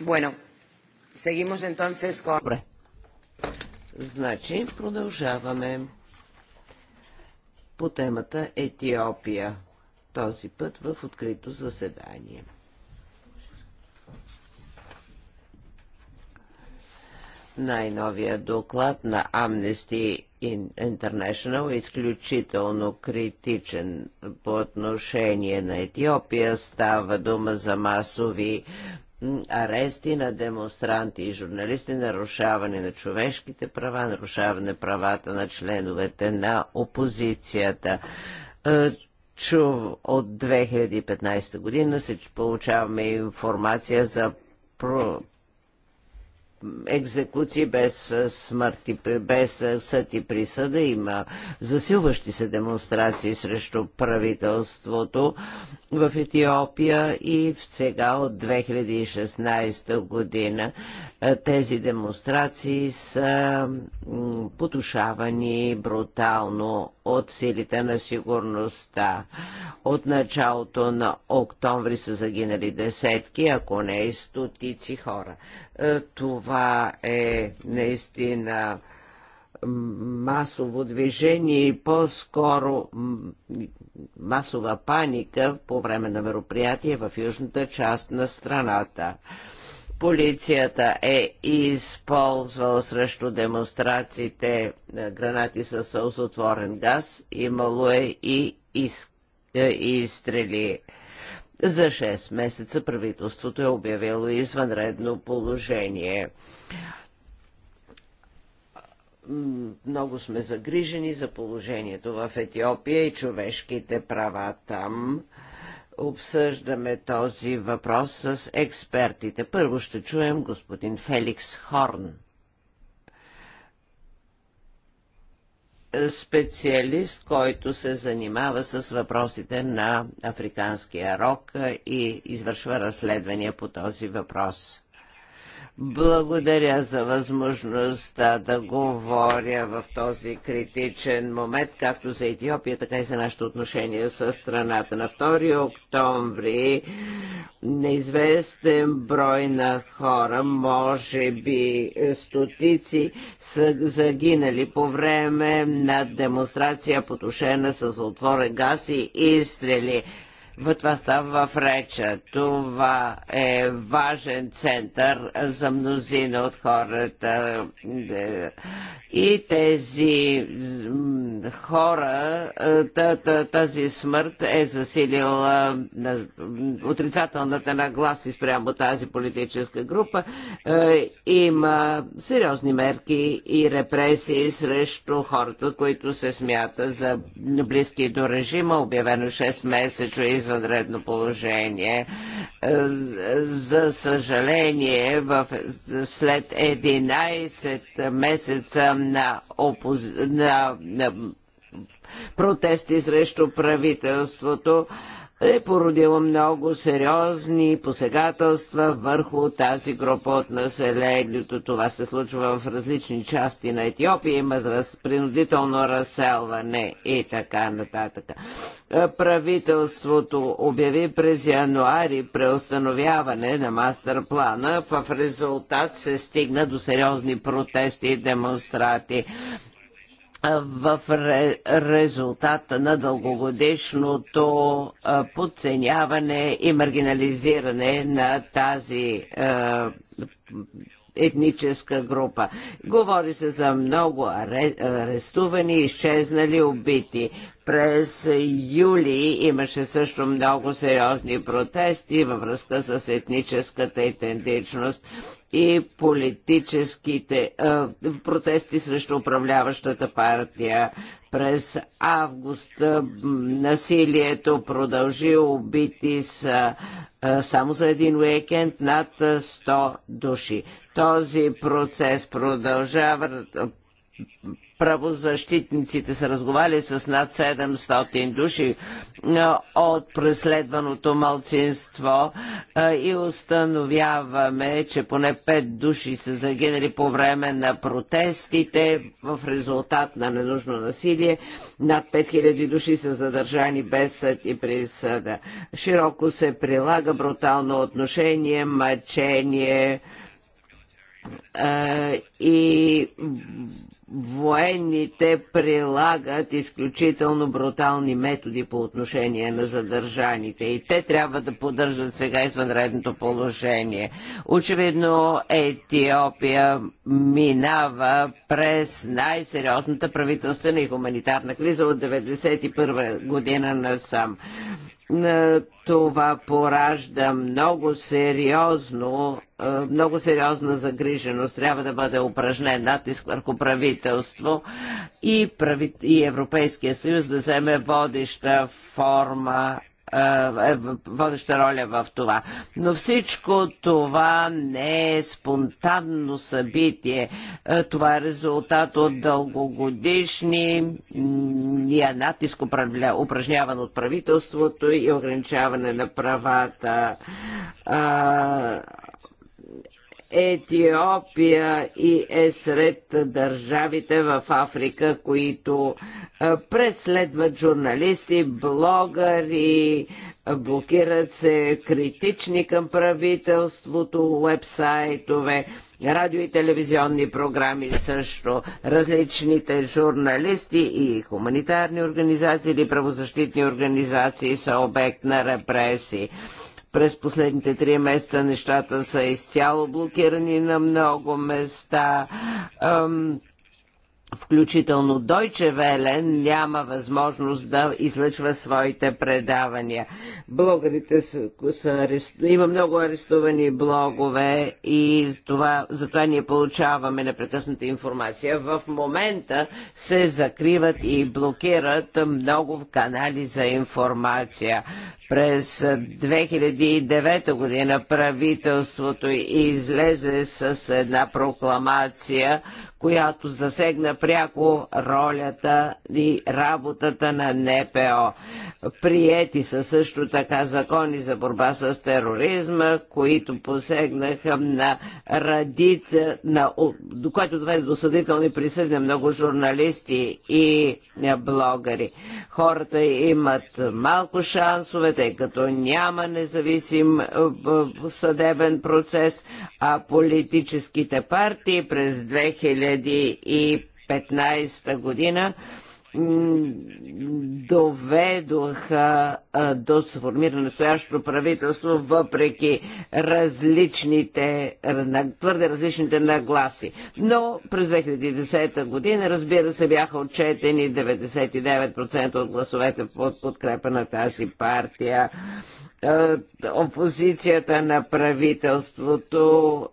Bueno, seguimos entonces con... Добре. Значи, продължаваме по темата Етиопия. Този път в открито заседание. Най-новия доклад на Amnesty International е изключително критичен по отношение на Етиопия. Става дума за масови арести на демонстранти и журналисти, нарушаване на човешките права, нарушаване правата на членовете на опозицията. Е, чув от 2015 година се получаваме информация за екзекуции без смърт и без съд и присъда. Има засилващи се демонстрации срещу правителството в Етиопия и сега от 2016 година тези демонстрации са потушавани брутално от силите на сигурността. От началото на октомври са загинали десетки, ако не и стотици хора. Е, това е наистина масово движение и по-скоро масова паника по време на мероприятие в южната част на страната. Полицията е използвала срещу демонстрациите е, гранати с сълзотворен газ, имало е и е, изстрели. Из за 6 месеца правителството е обявило извънредно положение много сме загрижени за положението в Етиопия и човешките права там. Обсъждаме този въпрос с експертите. Първо ще чуем господин Феликс Хорн. специалист, който се занимава с въпросите на африканския рок и извършва разследвания по този въпрос. Благодаря за възможността да говоря в този критичен момент, както за Етиопия, така и за нашето отношение с страната. На 2 октомври неизвестен брой на хора, може би стотици, са загинали по време на демонстрация, потушена с отворен газ и изстрели. Това става в Реча. Това е важен център за мнозина от хората. И тези хора, тази смърт е засилила отрицателната и спрямо тази политическа група. Е, има сериозни мерки и репресии срещу хората, които се смята за близки до режима. Обявено 6 месечо из извънредно положение. Е, за съжаление, в, след 11 месеца на, на, на протести срещу правителството, е породило много сериозни посегателства върху тази група от населението. Това се случва в различни части на Етиопия. Има раз, принудително разселване и така нататък. Е, правителството обяви през януари преустановяване на мастер-плана. В резултат се стигна до сериозни протести и демонстрати в резултата на дългогодишното подценяване и маргинализиране на тази етническа група. Говори се за много арестувани, изчезнали, убити. През юли имаше също много сериозни протести във връзка с етническата идентичност и политическите а, протести срещу управляващата партия. През август а, насилието продължи, убити с, а, само за един уикенд над 100 души. Този процес продължава правозащитниците са разговаряли с над 700 души от преследваното малцинство и установяваме, че поне 5 души са загинали по време на протестите в резултат на ненужно насилие. Над 5000 души са задържани без съд и присъда. Широко се прилага брутално отношение, мъчение и военните прилагат изключително брутални методи по отношение на задържаните и те трябва да поддържат сега извънредното положение. Очевидно Етиопия минава през най-сериозната правителствена и хуманитарна криза от 1991 година насам. Е, това поражда много сериозно, е, много сериозна загриженост. Трябва да бъде упражнен натиск върху правителство и, прави, и Европейския съюз да вземе водеща форма е, е водеща роля в това. Но всичко това не е спонтанно събитие. Е, това е резултат от дългогодишни е натиск упражняван от правителството и ограничаване на правата. Етиопия и е сред държавите в Африка, които преследват журналисти, блогъри, блокират се критични към правителството, вебсайтове, радио и телевизионни програми също, различните журналисти и хуманитарни организации или правозащитни организации са обект на репресии. През последните три месеца нещата са изцяло блокирани на много места. Ам, включително Дойче Велен, няма възможност да излъчва своите предавания. Блогерите са, са има много арестувани блогове и това, затова ние получаваме непрекъсната информация. В момента се закриват и блокират много канали за информация. През 2009 година правителството излезе с една прокламация, която засегна пряко ролята и работата на НПО. Приети са също така закони за борба с тероризма, които посегнаха на радица, на, до което доведе до съдителни присъди на много журналисти и блогъри. Хората имат малко шансове, тъй като няма независим е, съдебен процес, а политическите партии през 2015 година доведоха до сформиране настоящото правителство, въпреки различните, твърде различните нагласи. Но през 2010 година, разбира се, бяха отчетени 99% от гласовете под подкрепа на тази партия. Опозицията на правителството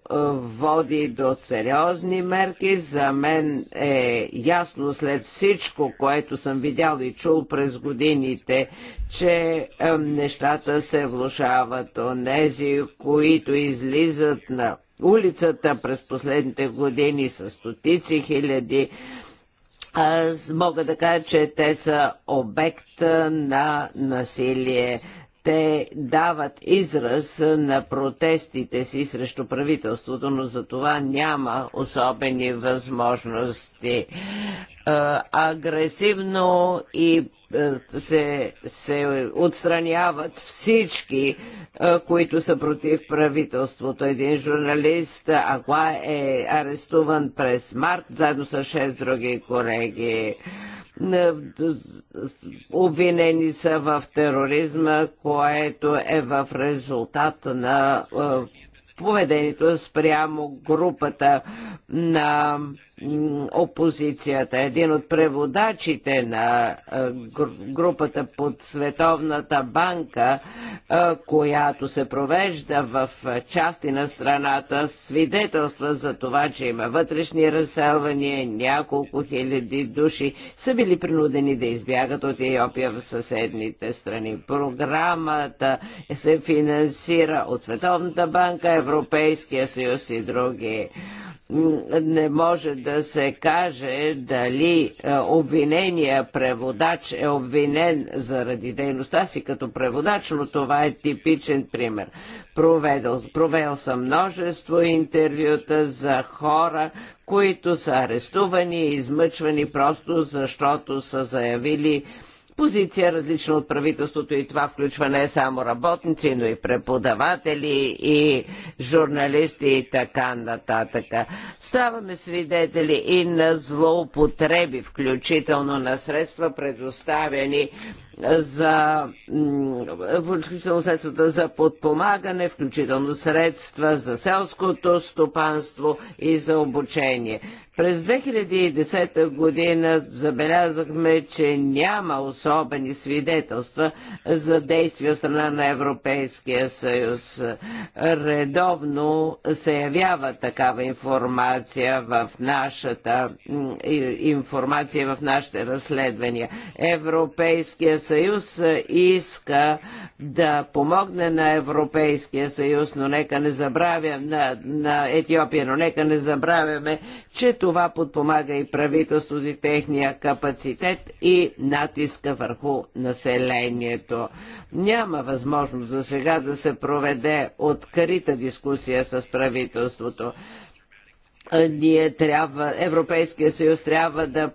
води до сериозни мерки. За мен е ясно след всичко, което съм видял и чул през годините, че е, нещата се влушават. Онези, които излизат на улицата през последните години с стотици хиляди, аз мога да кажа, че те са обект на насилие. Те дават израз на протестите си срещу правителството, но за това няма особени възможности агресивно и се, се отстраняват всички, които са против правителството. Един журналист, ако е арестуван през март, заедно с 6 други колеги обвинени са в тероризма, което е в резултат на поведението спрямо групата на опозицията. Един от преводачите на групата под Световната банка, която се провежда в части на страната, свидетелства за това, че има вътрешни разселвания, няколко хиляди души са били принудени да избягат от Иопия в съседните страни. Програмата се финансира от Световната банка, Европейския съюз и други не може да се каже дали е, обвинения преводач е обвинен заради дейността си като преводач, но това е типичен пример. Проведел, провел съм множество интервюта за хора, които са арестувани и измъчвани просто защото са заявили позиция различна от правителството и това включва не само работници, но и преподаватели и журналисти и така нататък. Ставаме свидетели и на злоупотреби, включително на средства предоставени за включително средствата за подпомагане, включително средства за селското стопанство и за обучение. През 2010 година забелязахме, че няма особени свидетелства за действия от страна на Европейския съюз. Редовно се явява такава информация в нашата информация в нашите разследвания. Европейския съюз иска да помогне на Европейския съюз, но нека не забравяме на, на Етиопия, но нека не забравяме, че това подпомага и правителството и техния капацитет и натиска върху населението. Няма възможност за сега да се проведе открита дискусия с правителството. Ние трябва, Европейския съюз трябва да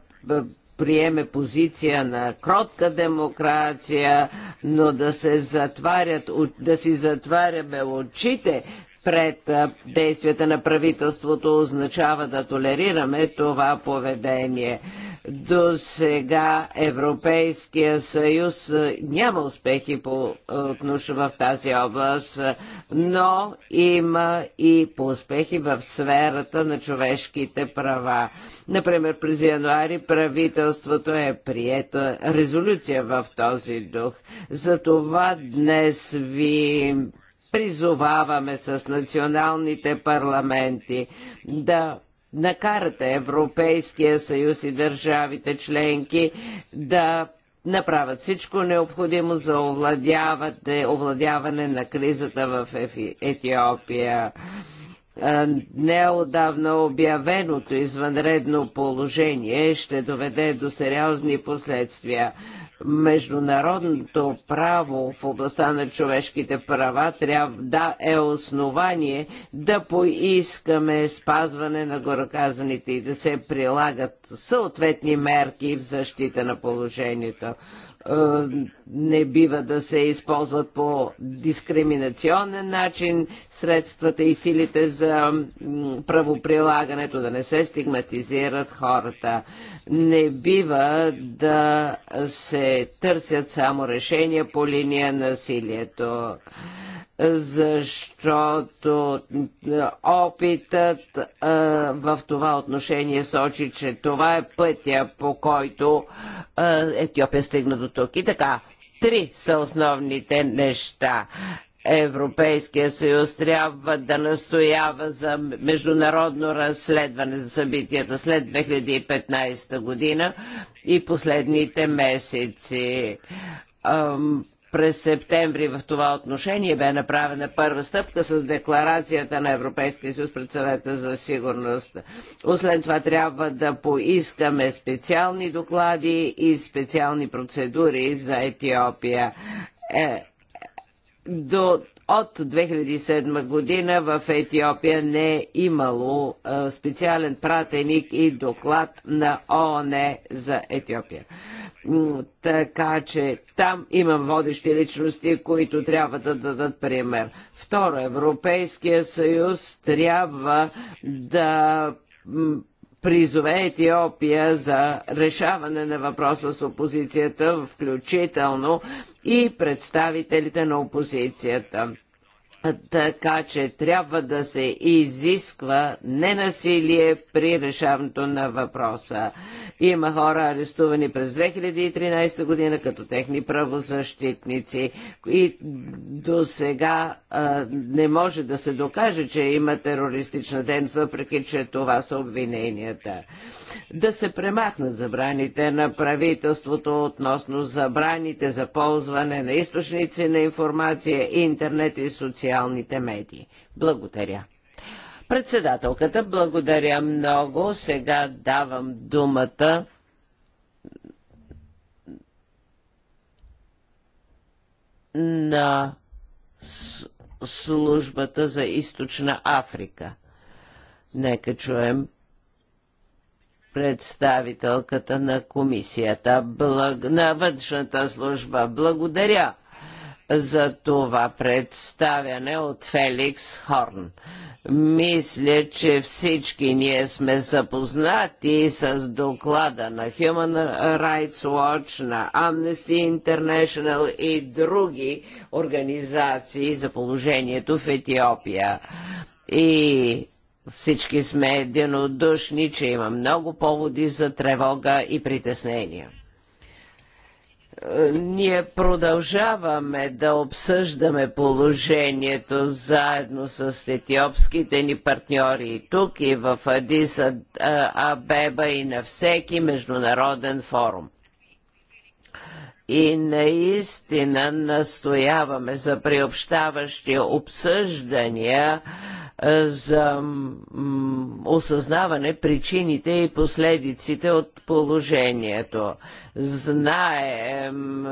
приеме позиция на кротка демокрация, но да се затварят, да си затваряме очите пред действията на правителството означава да толерираме това поведение. До сега Европейския съюз няма успехи по, в тази област, но има и по успехи в сферата на човешките права. Например, през януари правителството е приета резолюция в този дух. Затова днес ви Призоваваме с националните парламенти да накарате Европейския съюз и държавите членки да направят всичко необходимо за овладяване на кризата в Етиопия. Неодавно обявеното извънредно положение ще доведе до сериозни последствия. Международното право в областта на човешките права трябва да е основание да поискаме спазване на гореказаните и да се прилагат съответни мерки в защита на положението. Е, не бива да се използват по дискриминационен начин средствата и силите за правоприлагането, да не се стигматизират хората. Не бива да се търсят само решения по линия на насилието защото е, опитът е, в това отношение сочи, че това е пътя, по който е, Етиопия стигна до тук. И така, три са основните неща. Европейския съюз трябва да настоява за международно разследване за събитията след 2015 година и последните месеци през септември в това отношение бе направена първа стъпка с декларацията на Европейския съюз пред съвета за сигурност. Освен това трябва да поискаме специални доклади и специални процедури за Етиопия. Е, до от 2007 година в Етиопия не е имало специален пратеник и доклад на ООН за Етиопия. Така че там има водещи личности, които трябва да дадат пример. Второ, Европейския съюз трябва да призове Етиопия за решаване на въпроса с опозицията, включително и представителите на опозицията. Така че трябва да се изисква ненасилие при решаването на въпроса. Има хора арестувани през 2013 година като техни правозащитници и до сега а, не може да се докаже, че има терористична ден, въпреки че това са обвиненията. Да се премахнат забраните на правителството относно забраните за ползване на източници на информация, интернет и социални социалните медии. Благодаря. Председателката, благодаря много. Сега давам думата на службата за източна Африка. Нека чуем представителката на комисията, на външната служба. Благодаря за това представяне от Феликс Хорн. Мисля, че всички ние сме запознати с доклада на Human Rights Watch, на Amnesty International и други организации за положението в Етиопия. И всички сме единодушни, че има много поводи за тревога и притеснения ние продължаваме да обсъждаме положението заедно с етиопските ни партньори и тук, и в Адис Абеба, и на всеки международен форум. И наистина настояваме за приобщаващи обсъждания е, за осъзнаване причините и последиците от положението. Знаем,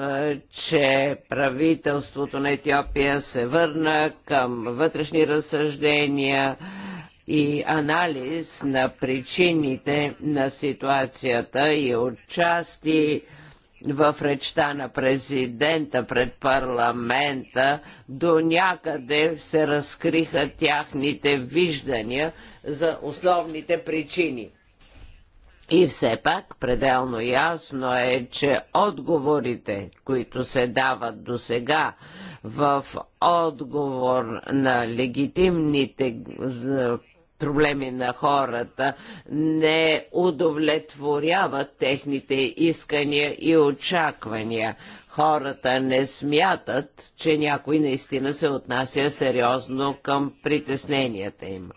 че правителството на Етиопия се върна към вътрешни разсъждения и анализ на причините на ситуацията и отчасти части в речта на президента пред парламента до някъде се разкриха тяхните виждания за основните причини. И все пак пределно ясно е, че отговорите, които се дават до сега в отговор на легитимните проблеми на хората, не удовлетворяват техните искания и очаквания. Хората не смятат, че някой наистина се отнася сериозно към притесненията им.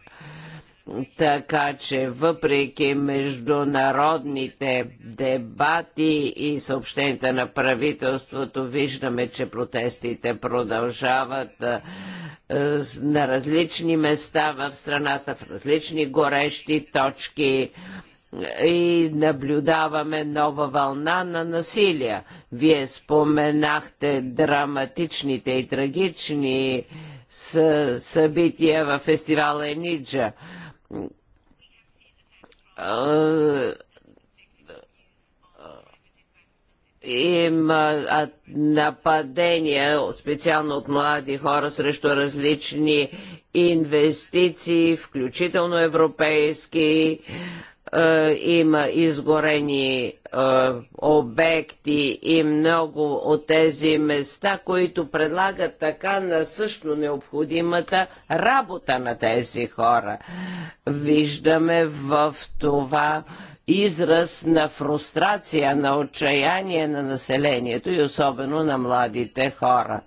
Така че въпреки международните дебати и съобщенията на правителството, виждаме, че протестите продължават. Е, на различни места в страната, в различни горещи точки и наблюдаваме нова вълна на насилие. Вие споменахте драматичните и трагични събития в фестивала Ениджа е, има нападения, специално от млади хора, срещу различни инвестиции, включително европейски. Има изгорени обекти и много от тези места, които предлагат така на също необходимата работа на тези хора. Виждаме в това израз на фрустрация, на отчаяние на населението и особено на младите хора.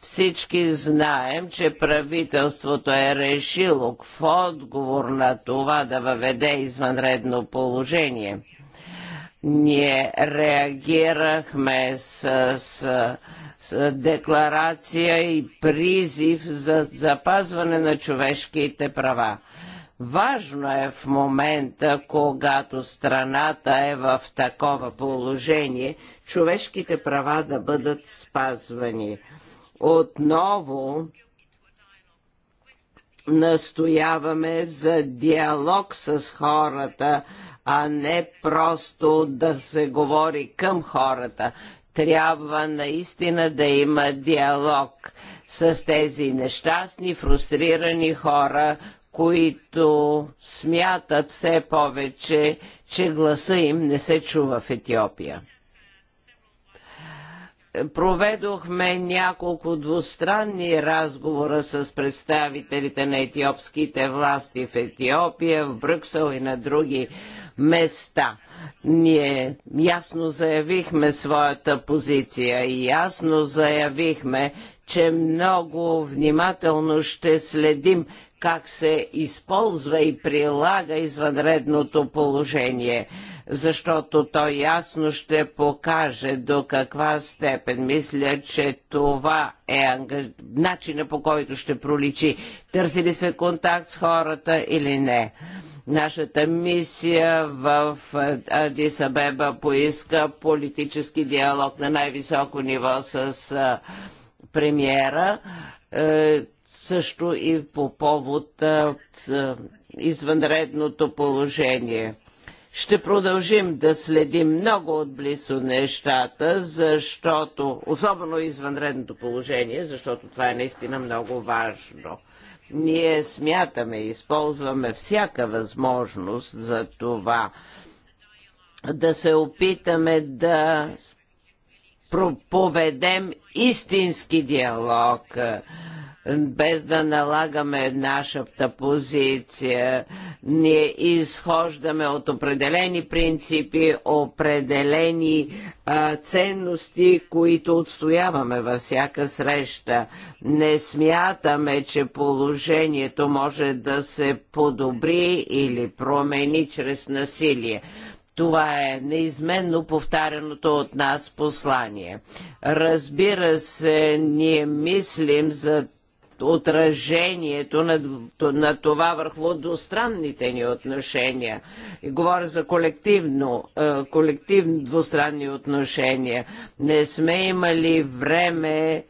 Всички знаем, че правителството е решило в отговор на това да въведе извънредно положение. Ние реагирахме с, с, с декларация и призив за запазване на човешките права. Важно е в момента, когато страната е в такова положение, човешките права да бъдат спазвани. Отново настояваме за диалог с хората, а не просто да се говори към хората. Трябва наистина да има диалог с тези нещастни, фрустрирани хора, които смятат все повече, че гласа им не се чува в Етиопия. Проведохме няколко двустранни разговора с представителите на етиопските власти в Етиопия, в Брюксел и на други места. Ние ясно заявихме своята позиция и ясно заявихме, че много внимателно ще следим как се използва и прилага извънредното положение, защото то ясно ще покаже до каква степен. Мисля, че това е начина по който ще проличи. Търси ли се контакт с хората или не? Нашата мисия в Адисабеба поиска политически диалог на най-високо ниво с премиера е, също и по повод извънредното положение. Ще продължим да следим много отблизо нещата, защото, особено извънредното положение, защото това е наистина много важно. Ние смятаме и използваме всяка възможност за това да се опитаме да проповедем истински диалог без да налагаме нашата позиция. Ние изхождаме от определени принципи, определени а, ценности, които отстояваме във всяка среща. Не смятаме, че положението може да се подобри или промени чрез насилие. Това е неизменно повтаряното от нас послание. Разбира се, ние мислим за отражението на, на това върху двустранните ни отношения. И говоря за колективно, е, колективно двустранни отношения. Не сме имали време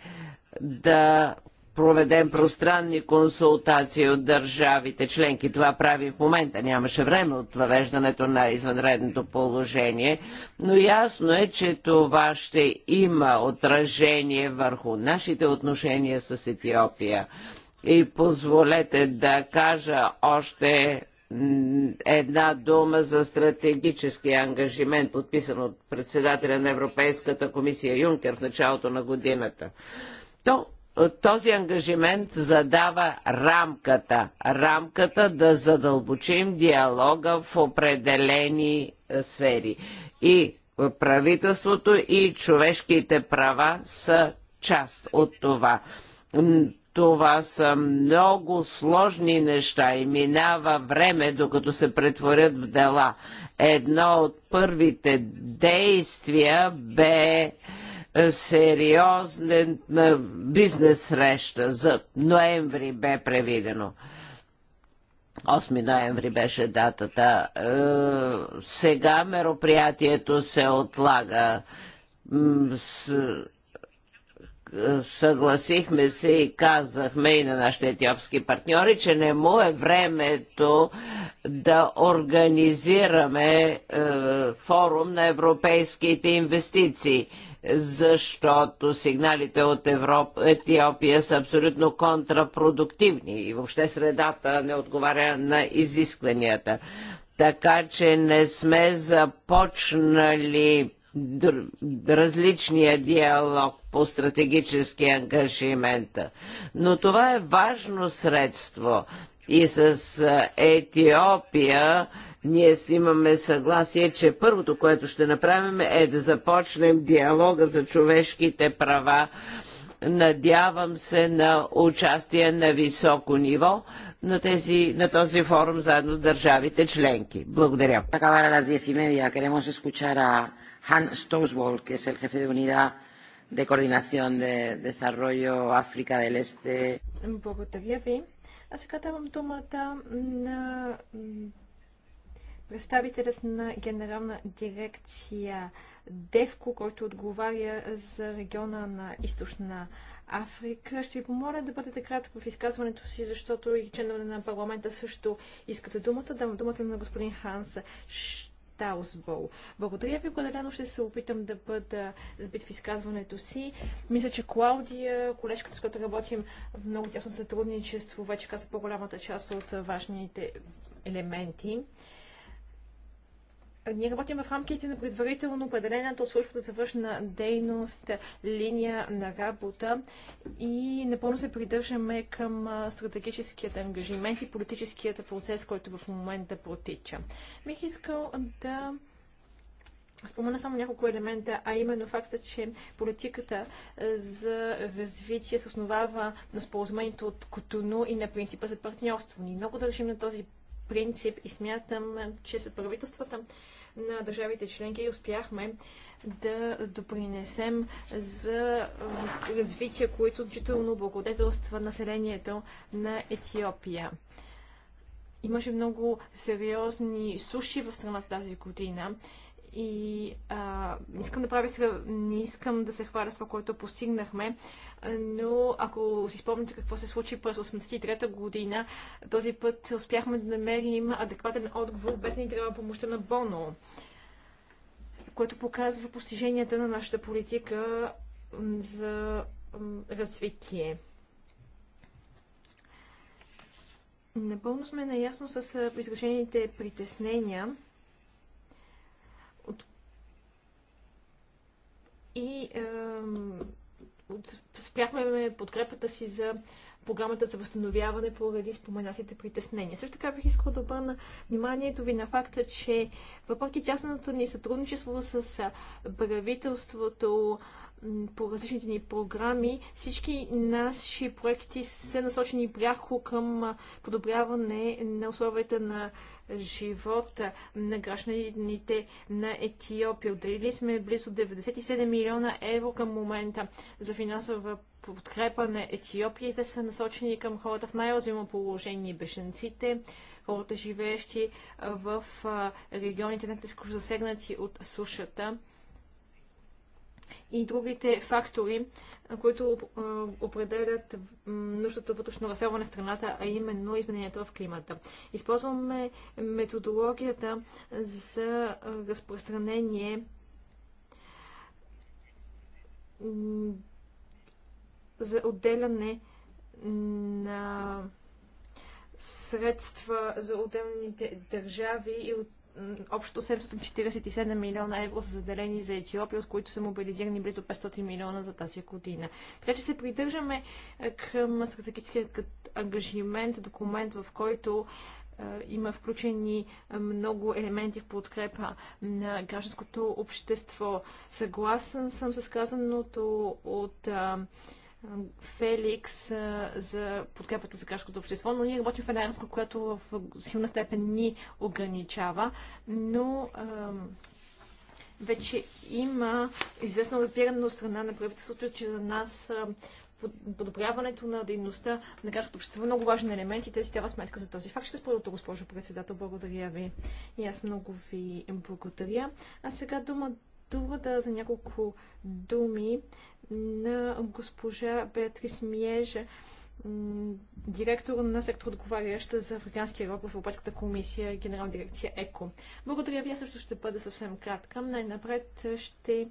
да проведем пространни консултации от държавите членки. Това прави в момента. Нямаше време от въвеждането на извънредното положение, но ясно е, че това ще има отражение върху нашите отношения с Етиопия. И позволете да кажа още една дума за стратегически ангажимент, подписан от председателя на Европейската комисия Юнкер в началото на годината. То този ангажимент задава рамката. Рамката да задълбочим диалога в определени е, сфери. И правителството и човешките права са част от това. Това са много сложни неща и минава време, докато се претворят в дела. Едно от първите действия бе сериозен бизнес среща за ноември бе превидено. 8 ноември беше датата. Е, сега мероприятието се отлага. Е, съгласихме се и казахме и на нашите етиопски партньори, че не му е времето да организираме е, форум на европейските инвестиции защото сигналите от Европа, Етиопия са абсолютно контрапродуктивни и въобще средата не отговаря на изискванията. Така че не сме започнали различния диалог по стратегически ангажимент. Но това е важно средство и с е, Етиопия ние си имаме съгласие, че първото, което ще направим е да започнем диалога за човешките права. Надявам се на участие на високо ниво на, тези, на този форум заедно с държавите членки. Благодаря. Hans que es el jefe de unidad de coordinación de desarrollo África del Este. Благодаря ви. А сега давам думата на представителят на генерална дирекция ДЕВКО, който отговаря за региона на източна Африка. Ще ви помоля да бъдете кратък в изказването си, защото и членове на парламента също искате думата. Дам думата на господин Ханс Штаусбол. Благодаря ви, определено ще се опитам да бъда сбит в изказването си. Мисля, че Клаудия, колежката, с която работим в много тясно сътрудничество, вече каза по-голямата част от важните елементи. Е, ние работим в рамките на предварително определената от службата за външна дейност линия на работа и напълно се придържаме към стратегическият ангажимент и политическият процес, който в момента протича. Бих искал да спомена само няколко елемента, а именно факта, че политиката за развитие се основава на споразумението от Котону и на принципа за партньорство. Ние много държим на този принцип и смятам, че са правителствата на държавите членки и успяхме да допринесем за развитие, което значително благодетелства населението на Етиопия. Имаше много сериозни суши в страната тази година и а, искам да правя сега, не искам да се хваля с това, което постигнахме, но ако си спомните какво се случи през 83-та година, този път успяхме да намерим адекватен отговор, без да ни трябва помощта на Боно, което показва постиженията на нашата политика за развитие. Напълно сме наясно с изрешените притеснения и спряхме подкрепата си за програмата за възстановяване поради споменатите притеснения. Също така бих искал да обърна вниманието ви на факта, че въпреки тясното ни сътрудничество с правителството по различните ни програми, всички наши проекти са насочени пряко към подобряване на условията на живот на гражданите на Етиопия. Отделили сме близо 97 милиона евро към момента за финансова подкрепа на Етиопия. Те са насочени към хората в най-развимо положение, бешенците, хората живеещи в регионите, които са засегнати от сушата и другите фактори, които определят нуждата от вътрешно разселване на страната, а именно изменението в климата. Използваме методологията за разпространение за отделяне на средства за отделните държави и от общо 747 милиона евро са заделени за Етиопия, от които са мобилизирани близо 500 милиона за тази година. Така че се придържаме е, към стратегическия ангажимент, документ, в който е, има включени е, много елементи в подкрепа на гражданското общество. Съгласен съм с казаното от Феликс за подкрепата за гражданското общество, но ние работим в една рамка, която в силна степен ни ограничава, но вече има известно разбиране от страна на правителството, че за нас подобряването на дейността на гражданското общество е много важен елемент и тези тява сметка за този факт. Ще споря от госпожо председател. Благодаря ви. И аз много ви благодаря. А сега думата думата за няколко думи на госпожа Беатрис Миежа, директор на сектор отговаряща за африканския роб в Европейската комисия, генерал дирекция ЕКО. Благодаря ви, аз също ще бъда съвсем кратка. Най-напред ще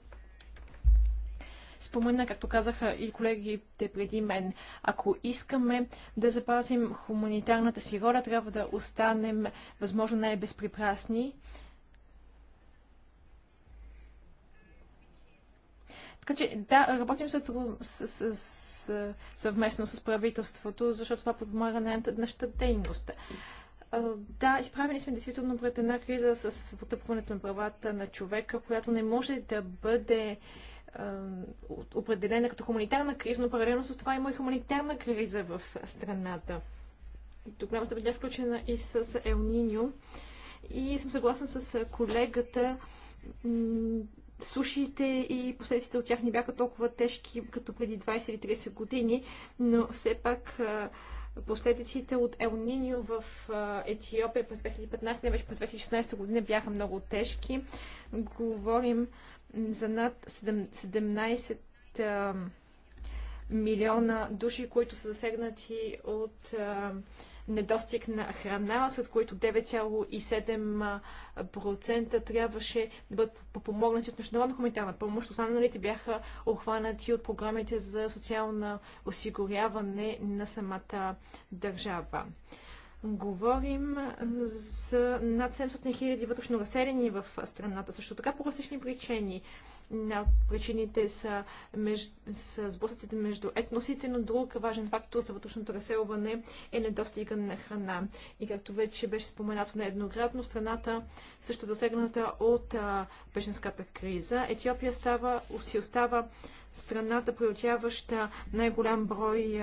спомена, както казаха и колегите преди мен, ако искаме да запазим хуманитарната си роля, трябва да останем възможно най-безпрепрасни. Така че да, работим с, с, с, съвместно с правителството, защото това подпомага на нашата дейност. Да, изправени сме действително пред една криза с потъпването на правата на човека, която не може да бъде определена като хуманитарна криза, но паралелно с това има и хуманитарна криза в страната. Тук голяма да бъде включена и с Ел И съм съгласен с колегата сушите и последствията от тях не бяха толкова тежки, като преди 20 или 30 години, но все пак последиците от Ел Ниньо в Етиопия през 2015, не беше през 2016 година, бяха много тежки. Говорим за над 17 милиона души, които са засегнати от недостиг на храна, след които 9,7% трябваше да бъдат подпомогнати от международна хуманитарна помощ. Останалите бяха обхванати от програмите за социално осигуряване на самата държава говорим за над 700 хиляди вътрешно разселени в страната, също така по различни причини. Една от причините са, меж... са сблъсъците между етносите, но друг важен фактор за вътрешното разселване е недостига на храна. И както вече беше споменато нееднократно, страната също засегната от беженската криза. Етиопия става, си остава страната, приотяваща най-голям брой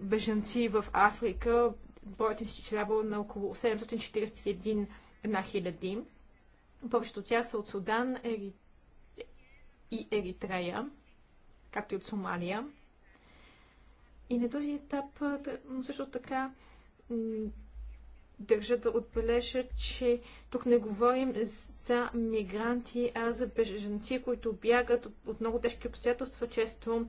беженци в Африка. Броят им се на около 741 хиляди. Повечето от тях са от Судан, Ерит и Еритрея, както и от Сомалия. И на този етап също така държа да отбележа, че тук не говорим за мигранти, а за беженци, които бягат от много тежки обстоятелства, често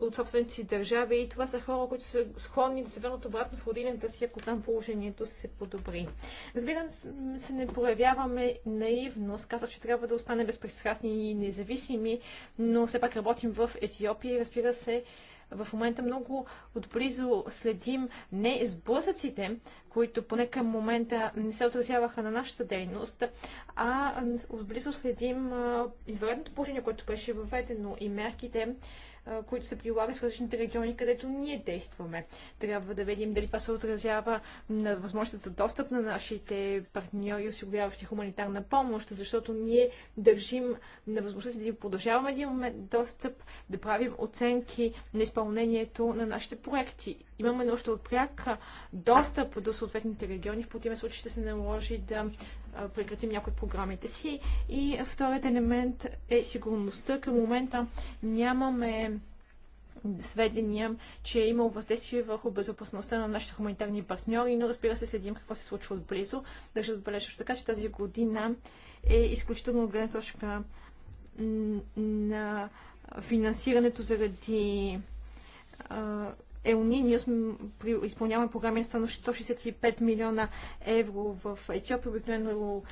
от собствените си държави и това са хора, които са склонни да се върнат обратно в родината си, ако там положението се подобри. Разбира се, не проявяваме наивност. Казах, че трябва да останем безпристрастни и независими, но все пак работим в Етиопия и разбира се, в момента много отблизо следим не сблъсъците, които поне към момента не се отразяваха на нашата дейност, а отблизо следим извънредното положение, което беше въведено и мерките, които се прилагат в различните региони, където ние действаме. Трябва да видим дали това се отразява на възможността за достъп на нашите партньори, осигуряващи хуманитарна помощ, защото ние държим на възможността да продължаваме да имаме достъп, да правим оценки на изпълнението на нашите проекти имаме нужда от пряк достъп до съответните региони. В противен случай ще се наложи да прекратим някои от програмите си. И вторият елемент е сигурността. Към момента нямаме сведения, че е имало въздействие върху безопасността на нашите хуманитарни партньори, но разбира се следим какво се случва отблизо. Държа да отбележа така, че тази година е изключително гледна точка на финансирането заради Елни. Ние сме, изпълняваме програми на 165 милиона евро в Етиопия. Обикновено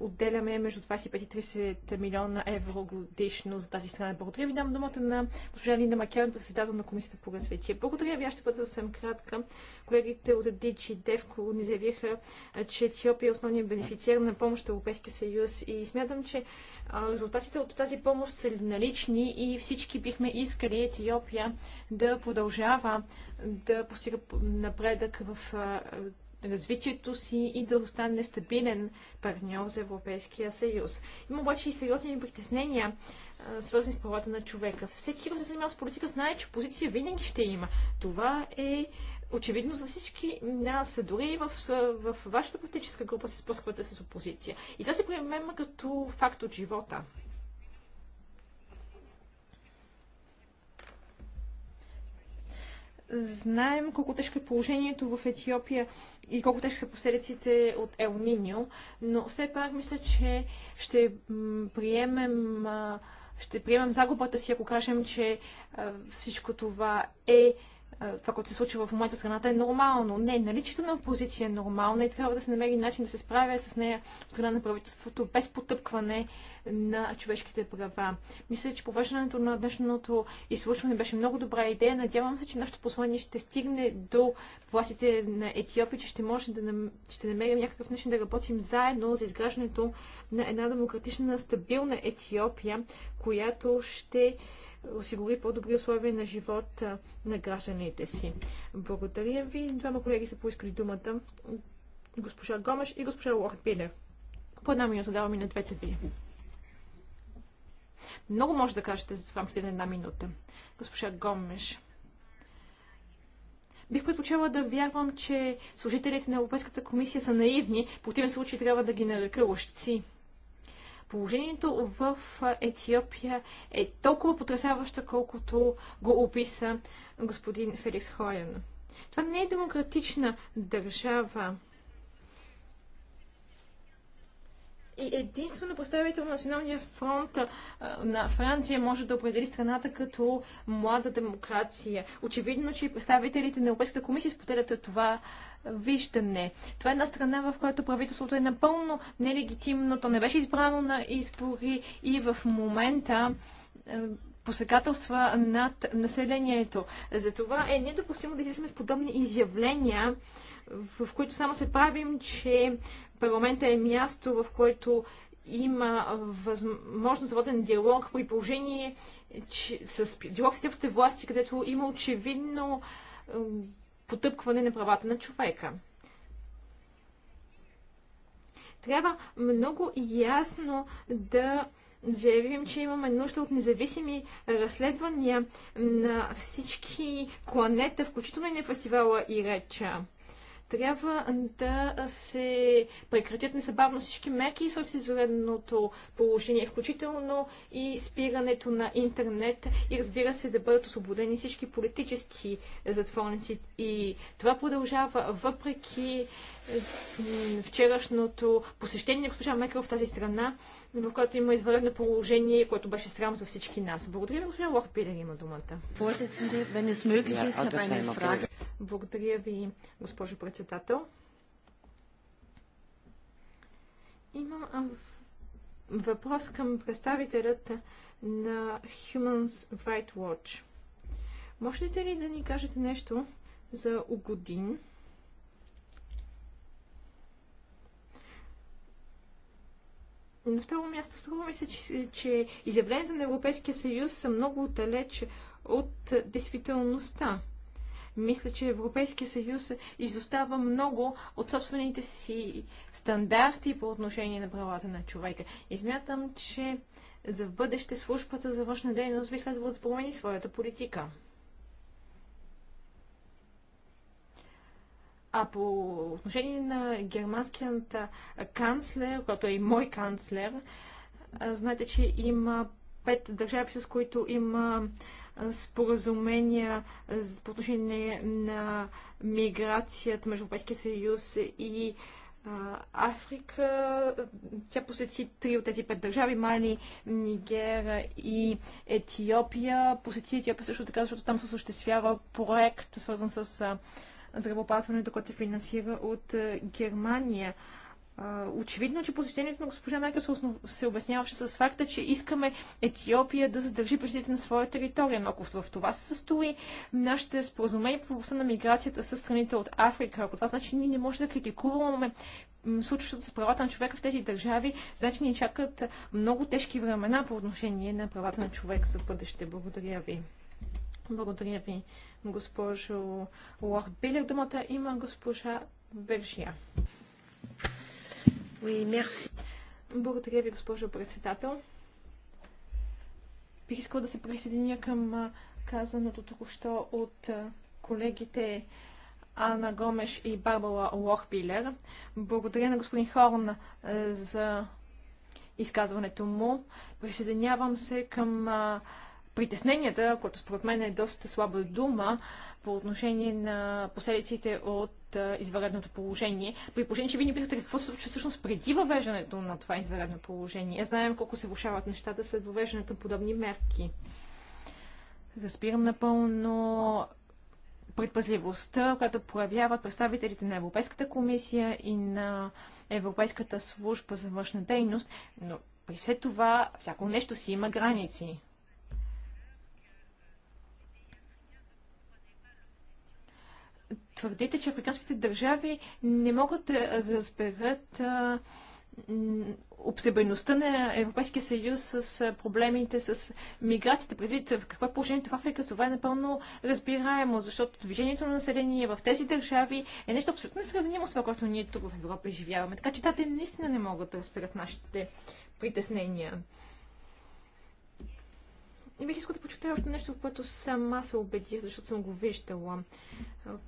отделяме между 25 и 30 милиона евро годишно за тази страна. Благодаря ви. Дам думата на госпожа Линда Макерен, председател на Комисията по развитие. Благодаря ви. Аз ще бъда съвсем кратка. Колегите от ДИЧИ Девко ни заявиха, че Етиопия е основният бенефициер на помощ от Европейския съюз и смятам, че резултатите от тази помощ са налични и всички бихме искали Етиопия да продължава да постига напредък в развитието си и да остане стабилен партньор за Европейския съюз. Има обаче и сериозни притеснения, свързани с правата на човека. Всеки, който се занимава с политика, знае, че позиция винаги ще има. Това е очевидно за всички нас, дори и в, в вашата политическа група се спусквате с опозиция. И това се приема като факт от живота. Знаем колко тежко е положението в Етиопия и колко тежко са последиците от Ел Ниньо, но все пак мисля, че ще приемем, ще приемем загубата си, ако кажем, че всичко това е това, което се случва в момента в страната е нормално. Не, наличието на опозиция е нормално и трябва да се намери начин да се справя с нея от страна на правителството без потъпкване на човешките права. Мисля, че повеждането на днешното изслушване беше много добра идея. Надявам се, че нашето послание ще стигне до властите на Етиопия, че ще може да нам... ще намерим някакъв начин да работим заедно за изграждането на една демократична, стабилна Етиопия, която ще осигури по-добри условия на живот на гражданите си. Благодаря ви. Двама колеги са поискали думата. Госпожа Гомеш и госпожа Лорд По една минута давам и на двете ви. Много може да кажете за рамките на една минута. Госпожа Гомеш. Бих предпочела да вярвам, че служителите на Европейската комисия са наивни. В противен случай трябва да ги нарека лъжци. Положението в Етиопия е толкова потрясаващо, колкото го описа господин Феликс Хоян. Това не е демократична държава. И единствено представител на Националния фронт на Франция може да определи страната като млада демокрация. Очевидно, че представителите на Европейската комисия споделят това виждане. Това е една страна, в която правителството е напълно нелегитимно, то не беше избрано на избори и в момента е, посегателства над населението. Затова е недопустимо да излизаме с подобни изявления, в които само се правим, че парламента е място, в което има възможност за воден диалог при положение че, с диалог с власти, където има очевидно е, потъпкване на правата на човека. Трябва много ясно да заявим, че имаме нужда от независими разследвания на всички кланета, включително и на фестивала и реча трябва да се прекратят незабавно всички мерки с извънредното положение, включително и спирането на интернет и разбира се да бъдат освободени всички политически затворници. И това продължава въпреки вчерашното посещение на госпожа Мекъл в тази страна, в която има извънредно положение, което беше срам за всички нас. Благодаря ви, господин Лохпилер, има думата. Благодаря ви, госпожо председател. Имам въпрос към представителят на Human Rights Watch. Можете ли да ни кажете нещо за Угодин? На второ място, струва ми се, че, че изявленията на Европейския съюз са много далеч от действителността. Мисля, че Европейския съюз изостава много от собствените си стандарти по отношение на правата на човека. И смятам, че за в бъдеще службата за външна дейност би следвало да промени своята политика. А по отношение на германският канцлер, който е и мой канцлер, знаете, че има пет държави, с които има споразумения по отношение на миграцията между Европейския съюз и Африка. Тя посети три от тези пет държави Мали, Нигер и Етиопия. Посети Етиопия също така, защото там се осъществява проект, свързан с здравеопазването, което се финансира от е, Германия. Очевидно, че посещението на госпожа Меркел се, основ... се обясняваше с факта, че искаме Етиопия да задържи президента на своя територия. Но ако в това се състои нашите споразумения в областта на миграцията с страните от Африка, ако това значи ние не можем да критикуваме случващото с правата на човека в тези държави, значи ни чакат много тежки времена по отношение на правата на човек за бъдеще. Благодаря ви. Благодаря ви, госпожо Лохбилер. Думата има госпожа Вержия. Oui, Благодаря ви, госпожо председател. Бих искал да се присъединя към казаното току-що от колегите Ана Гомеш и Барбала Лохбилер. Благодаря на господин Хорн за изказването му. Присъединявам се към притесненията, което според мен е доста слаба дума по отношение на последиците от извънредното положение. При положение, че ви ни писате, какво се случва всъщност преди въвеждането на това извънредно положение. Знаем колко се влушават нещата след въвеждането на подобни мерки. Разбирам напълно предпазливостта, която проявяват представителите на Европейската комисия и на Европейската служба за външна дейност, но при все това всяко нещо си има граници. твърдите, че африканските държави не могат да разберат обсебеността на Европейския съюз с проблемите с миграцията, предвид в какво е положението в Африка, това е напълно разбираемо, защото движението на население в тези държави е нещо абсолютно несравнимо с това, което ние тук в Европа живяваме. Така че да, те наистина не могат да разберат нашите притеснения. И бих искал да почета още нещо, в което сама се убедих, защото съм го виждала.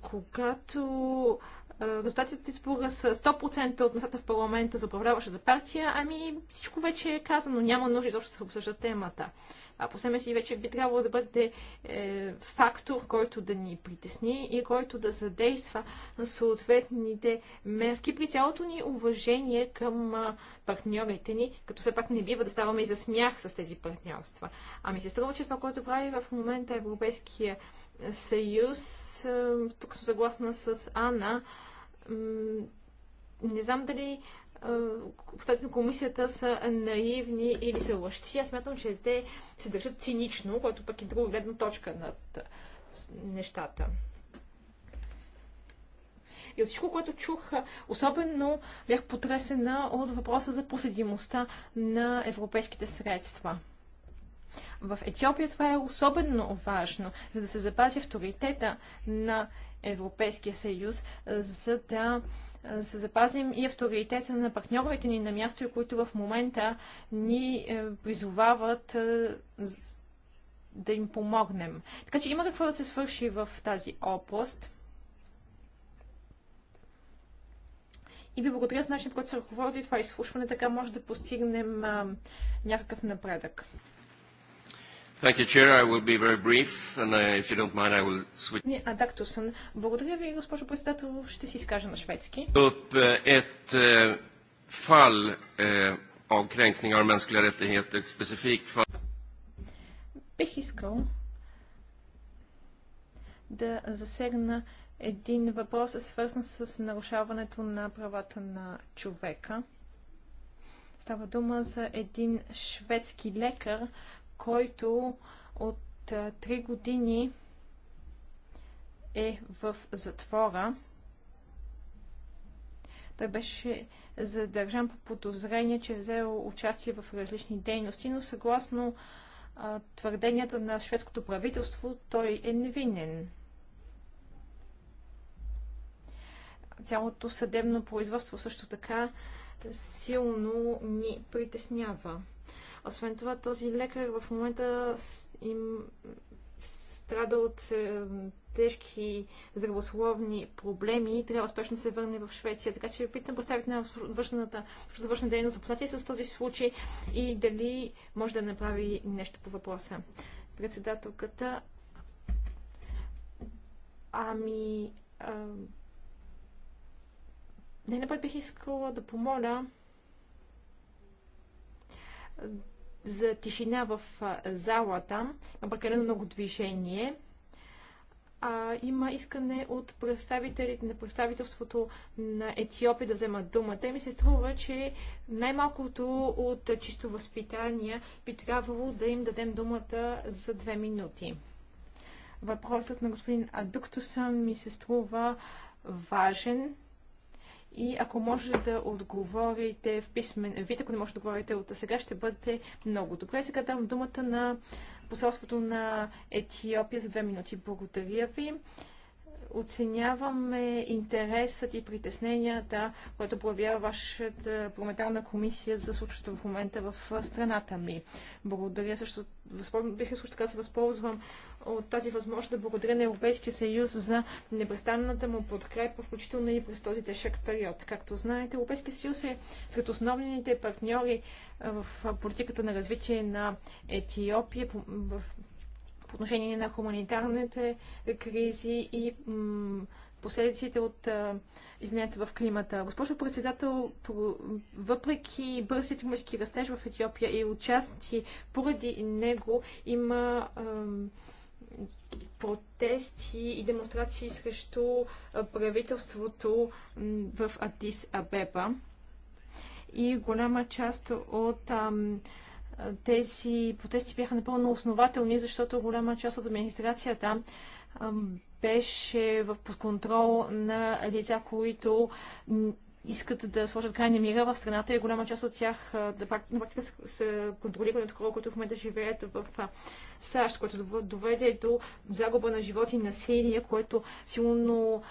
Когато резултатите избора са 100% от местата в парламента за управляващата партия, ами всичко вече е казано, няма нужда изобщо да се обсъжда темата а по себе си вече би трябвало да бъде е, фактор, който да ни притесни и който да задейства на съответните мерки при цялото ни уважение към партньорите ни, като все пак не бива да ставаме и за смях с тези партньорства. Ами се струва, че това, което прави в момента Европейския съюз, е, тук съм съгласна с Анна, не знам дали представители на комисията са наивни или са лъжци. Аз смятам, че те се държат цинично, което пък е друга гледна точка над нещата. И от всичко, което чух, особено бях потресена от въпроса за проследимостта на европейските средства. В Етиопия това е особено важно, за да се запази авторитета на Европейския съюз, за да се запазим и авторитета на партньорите ни на място, които в момента ни е, призовават да им помогнем. Така че има какво да се свърши в тази област. И ви благодаря за начинът, който се ръководи това изслушване, така може да постигнем а, някакъв напредък. Thank you, Chair. I will be very brief, and I, uh, if you don't mind, I will switch. Не, Благодаря ви, госпожо председател. Ще си изкажа на шведски. Uh, uh, av kränkningar av mänskliga rättigheter, specifikt Бих искал да засегна един въпрос, свързан с нарушаването на правата на човека. Става дума за един шведски лекар, който от три години е в затвора. Той беше задържан по подозрение, че е взел участие в различни дейности, но съгласно твърденията на шведското правителство, той е невинен. Цялото съдебно производство също така силно ни притеснява. Освен това, този лекар в момента им страда от е, тежки здравословни проблеми и трябва успешно да се върне в Швеция. Така че питам поставите на вършната външна дейност, запознати с този случай и дали може да направи нещо по въпроса. Председателката, ами, а... не напред бих искала да помоля за тишина в залата. Има прекалено много движение. А, има искане от представителите на представителството на Етиопия да вземат думата. И ми се струва, че най-малкото от чисто възпитание би трябвало да им дадем думата за две минути. Въпросът на господин Адуктуса ми се струва важен и ако може да отговорите в писмен вид, ако не може да отговорите от сега, ще бъдете много добре. Сега давам думата на посолството на Етиопия за две минути. Благодаря ви оценяваме интересът и притесненията, което проявява вашата парламентарна комисия за случващото в момента в страната ми. Благодаря също, възползвам, бих също така се възползвам от тази възможност да благодаря на Европейския съюз за непрестанната му подкрепа, включително и през този тежък период. Както знаете, Европейския съюз е сред основните партньори в политиката на развитие на Етиопия в по отношение на хуманитарните кризи и последиците от изменението в климата. Госпожо председател, въпреки бързи економически растеж в Етиопия и отчасти поради него има протести и демонстрации срещу правителството в Атис Абеба. И голяма част от ам, тези протести бяха напълно основателни, защото голяма част от администрацията беше в подконтрол на лица, които искат да сложат край на мира в страната и голяма част от тях да, на практика са контролирани от хора, които в момента живеят в САЩ, което доведе до загуба на животи и насилие, което силно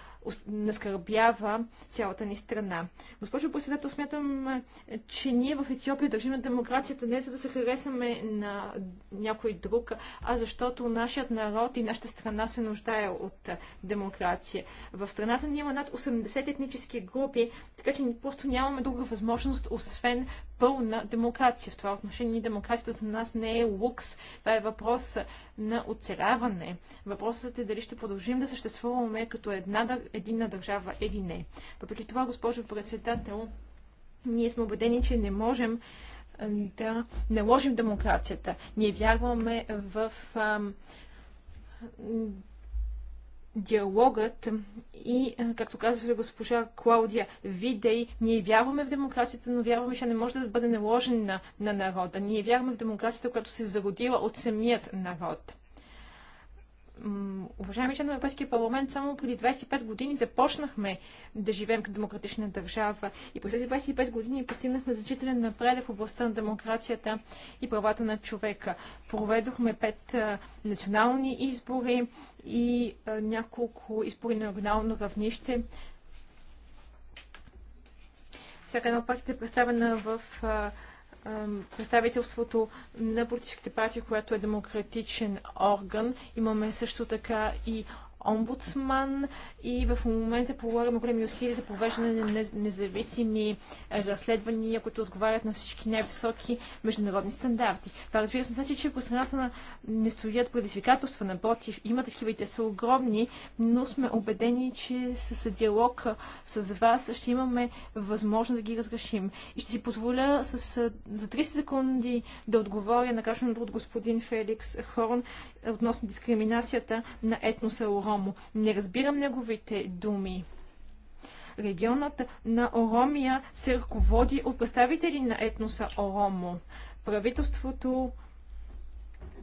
наскърбява цялата ни страна. Госпожо председател, смятам, че ние в Етиопия държим на демокрацията не за да се харесаме на някой друг, а защото нашият народ и нашата страна се нуждае от демокрация. В страната ни има над 80 етнически групи, така че просто нямаме друга възможност, освен пълна демокрация. В това отношение демокрацията за нас не е лукс, това е въпрос на оцеляване. Въпросът е дали ще продължим да съществуваме като една единна държава или не. Въпреки това, госпожо председател, ние сме убедени, че не можем да наложим демокрацията. Ние вярваме в диалогът и, както казва госпожа Клаудия Видей, ние вярваме в демокрацията, но вярваме, че не може да бъде наложена на народа. Ние вярваме в демокрацията, която се е зародила от самият народ. Уважаеми членове на Европейския парламент, само преди 25 години започнахме да живеем като демократична държава и през тези 25 години постигнахме значителен напредък в областта на демокрацията и правата на човека. Проведохме пет национални избори и няколко избори на регионално равнище. Всяка една от партиите е представена в представителството на политическите партии, която е демократичен орган. Имаме също така и омбудсман и в момента полагаме големи усилия за провеждане на независими разследвания, които отговарят на всички най-високи международни стандарти. Това разбира се, значи, че по страната на... не стоят предизвикателства, напротив, има такива и те са огромни, но сме убедени, че с диалог с вас ще имаме възможност да ги разрешим. И ще си позволя с, за 30 секунди да отговоря на кашеното от господин Феликс Хорн относно дискриминацията на етноса Уром Ромо. Не разбирам неговите думи. Регионът на Оромия се ръководи от представители на етноса Оромо. Правителството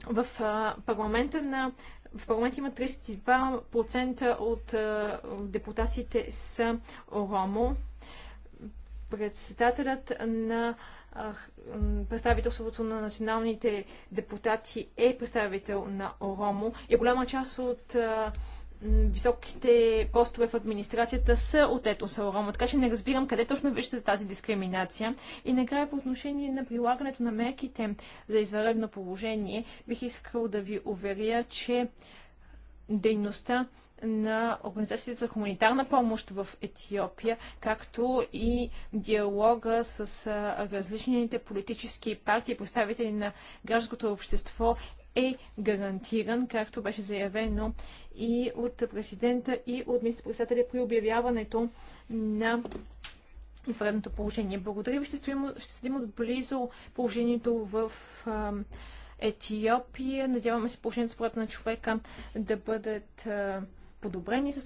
в парламента на в парламент има 32% от а, депутатите са Оромо. Председателят на а, представителството на националните депутати е представител на Оромо и голяма част от а, високите постове в администрацията са от етноса Рома. Така че не разбирам къде точно виждате тази дискриминация. И накрая по отношение на прилагането на мерките за извънредно положение, бих искал да ви уверя, че дейността на Организацията за хуманитарна помощ в Етиопия, както и диалога с различните политически партии, представители на гражданското общество е гарантиран, както беше заявено и от президента и от министър-председателя при обявяването на извънредното положение. Благодаря ви, ще, стоим, ще следим отблизо положението в Етиопия. Надяваме се положението с правата на човека да бъдат подобрени. С това